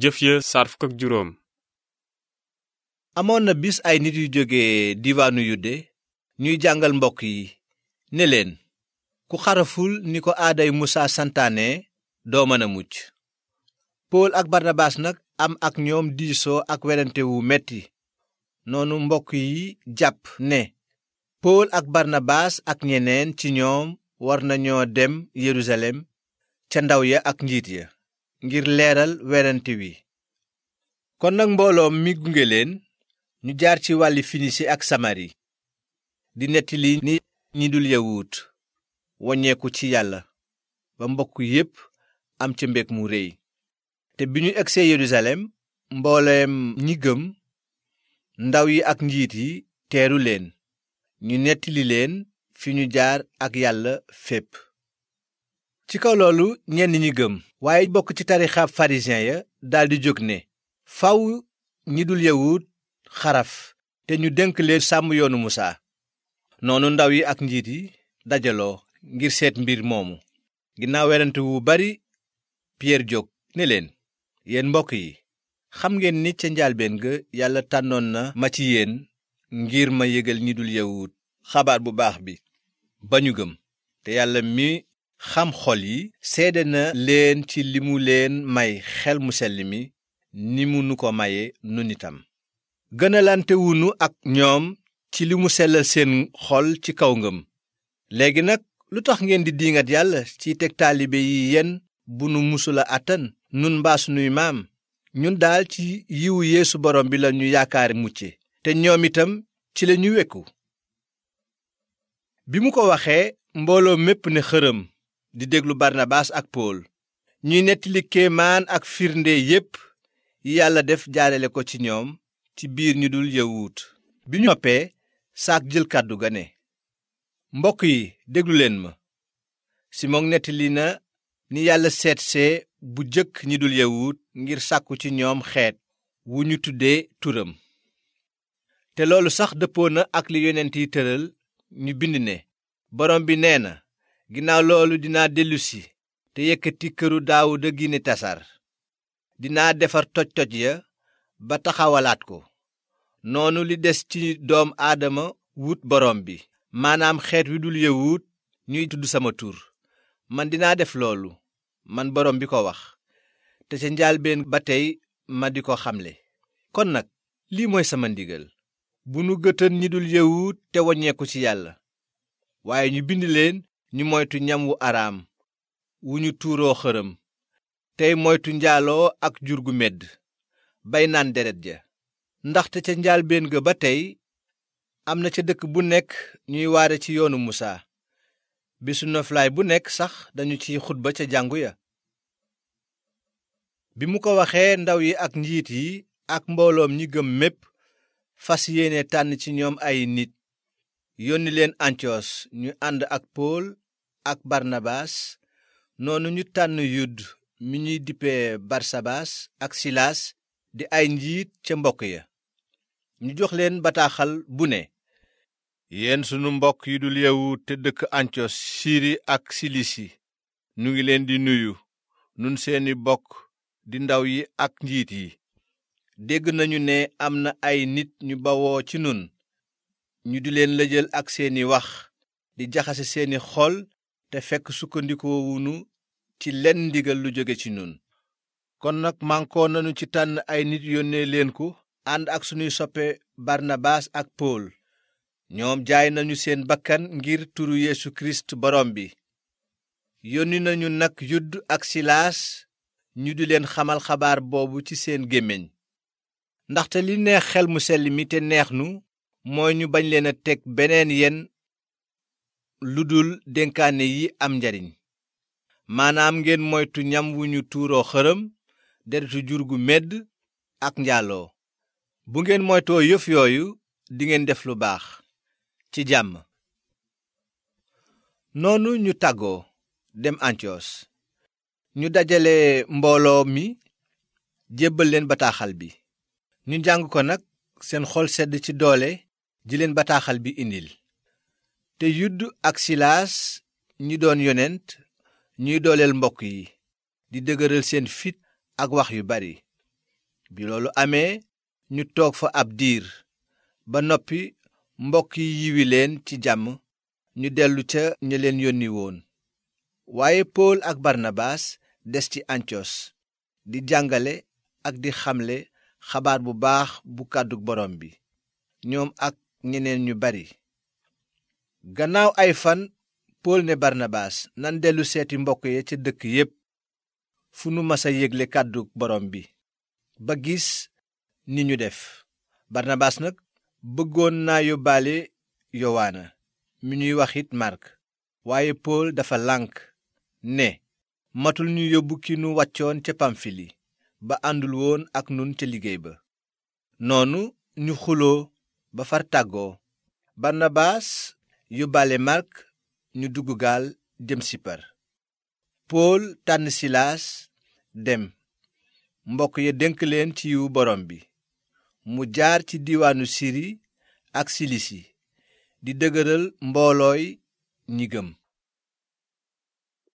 jëf ya juróom amoon na bis ay nit yu jóge diwaanu yudde ñuy jàngal mbokk yi ne leen ku xaraful ni ko aaday musaa santaane doo mën a mujj pool ak barnabaas nag am ak ñoom diisoo ak werante metti noonu mbokk yi jàpp ne pool ak barnabaas ak ñeneen ci ñoom war nañoo dem yerusalem ca ndaw ya ak njiit ya ngir leeral werante wi kon nag mbooloom mi gunge leen ñu jaar ci wàlli finisi ak samari di nettali ni ñi dul yawut woññeeku ci yàlla ba mbokk yépp am ca mbég mu réy te bi ñu egsee yerusalem mbooleem ñi gëm ndaw yi ak njiit yi teeru leen ñu nettali leen fi ñu jaar ak yàlla fépp ci kaw loolu ñenn ñi gëm waaye bokk ci tarixaab pharisien ya daldi jóg ne faw ñi dul yawut xaraf te ñu dénk leen sàmm yoonu musaa noonu ndaw yi ak njiit yi dajaloo ngir seet mbir moomu ginnaaw werante wu bari piyeer jóg ni leen yéen mbokk yi xam ngeen ni ca njaalbeen ga yàlla tànnoon na ma ci yéen ngir ma yëgal ñi dul yawut xabaar bu baax bi ba ñu gëm te yàlla mi xam xol yi seede na leen ci li mu leen may xel mu sell mi ni mu nu ko maye nun itam gënalante ak ñoom ci li mu sellal seen xol ci kaw ngëm léegi nag lu tax ngeen di diingat yàlla ci teg taalibe yi yenn bu nu musula àttan nun mbaa sunuy maam ñun daal ci yiwu yéesu borom bi lañu yaakaar mucce te ñoom itam ci lañu wekku bi mu ko waxee mbooloo mépp ne xërëm di déglu barnabaas ak pool ñuy nettali kéemaan ak firnde yépp yi yàlla def jaarale ko ci ñoom ci biir ñu dul yawut bi ñoppee noppee saak jël kàddu ga ne mbokk yi déglu leen ma simon nettali na ni yàlla seetse bu jëkk ñu dul yawut ngir sàkku ci ñoom xeet wu ñu tuddee turam te loolu sax dëppoo na ak li yonent yi tëral ñu bind ne borom bi nee na ginnaaw loolu dinaa dellusi te yëkkati këru daawuda gi ni tasar dinaa defar toj toj ya ba taxawalaat ko noonu li des ci doom aadama wut borom bi maanaam xeet wi dul yëwut ñuy tudd sama tur man dinaa def loolu man borom bi ko wax te ca njaalbeen ba tey ma di ko xamle kon nag lii mooy sama ndigal bu nu gëtën ñi dul yëwut te waññeeku ci yàlla waaye ñu bind leen ñu moytu ñam wu araam wu ñu tuuroo xërëm tey moytu njaaloo ak jur gu medd bay naan deret ja ndaxte ca njaalbéen ga ba tey am na ca dëkk bu nekk ñuy waare ci yoonu musaa bésu noflaay bu nekk sax dañu ciy xutba ca jàngu ya bi mu ko waxee ndaw yi ak njiit yi ak mbooloom ñi gëm mépp fas yéene tànn ci ñoom ay nit yónni leen antiyos ñu ànd ak pool ak barnabaas noonu ñu tànn yudd mi ñuy dippe barsabaas ak silaas di ay njiit ca mbokk ya ñu jox leen bataaxal bu ne yéen sunu mbokk yi dul yawut te dëkk antiyos siri ak silisi ñu ngi leen di nuyu nun seeni bokk di ndaw yi ak njiit yi dégg nañu ne am na ay nit ñu bawoo ci nun ñu di leen lëjal ak seeni wax di jaxase seeni xol te fekk sukkandikoowunu ci lenn ndigal lu jóge ci ñun kon nag mànkoo nanu ci tànn ay nit yónnee leen ko ànd ak sunuy soppe barnabaas ak pool ñoom jaay nañu seen bakkan ngir turu yeesu kirist borom bi yónni nañu nag yudd ak silaas ñu di leen xamal xabaar boobu ci seen gémmiñ ndaxte li neex xel mu selli mi te neex nu mooy ñu bañ leen a teg beneen yen lu dul dénkaane yi am njariñ maanaam ngeen moytu ñam wu ñu tuuroo xërëm deretu jur gu medd ak njaaloo bu ngeen moytoo yëf yooyu dingeen def lu baax ci jàmm noonu ñu tàggoo dem antiyos ñu dajale mbooloo mi jébbal leen bataaxal bi ñu jàng ko nag seen xol sedd ci doole di bataaxal bi indil te yudd ak silaas ñi doon yonent ñuy dooleel mbokk yi di dëgëral seen fit ak wax yu bari bi loolu amee ñu toog fa ab diir ba noppi mbokk yi yiwi leen ci jàmm ñu dellu ca ña leen yónniwoon waaye pool ak barnabaas des ci antiyos di jàngale ak di xamle xabaar bu baax bu kàddu boroom bi ñoom ak ñeneen ñu bari gannaaw ay fan pool ne barnabaas nan dellu seeti mbokk ya ca dëkk yépp fu nu masa yégle kàddu borom bi ba gis ni ñu def barnabaas nag bëggoon naa yóbbaale yowaana mi ñuy waxit màrk waaye pool dafa lànk ne matul ñu yóbbu ki nu wàccoon ca pamfili ba àndul woon ak nun ca liggéey ba noonu ñu xuloo ba far tàggoo barnabaas bale màrk ñu dugg gaal jëm sipar pool tànn silaas dem mbokk ya dénk leen ci yiwu borom bi mu jaar ci diiwaanu siri ak silisi di dëgëral mboolooy ñi gëm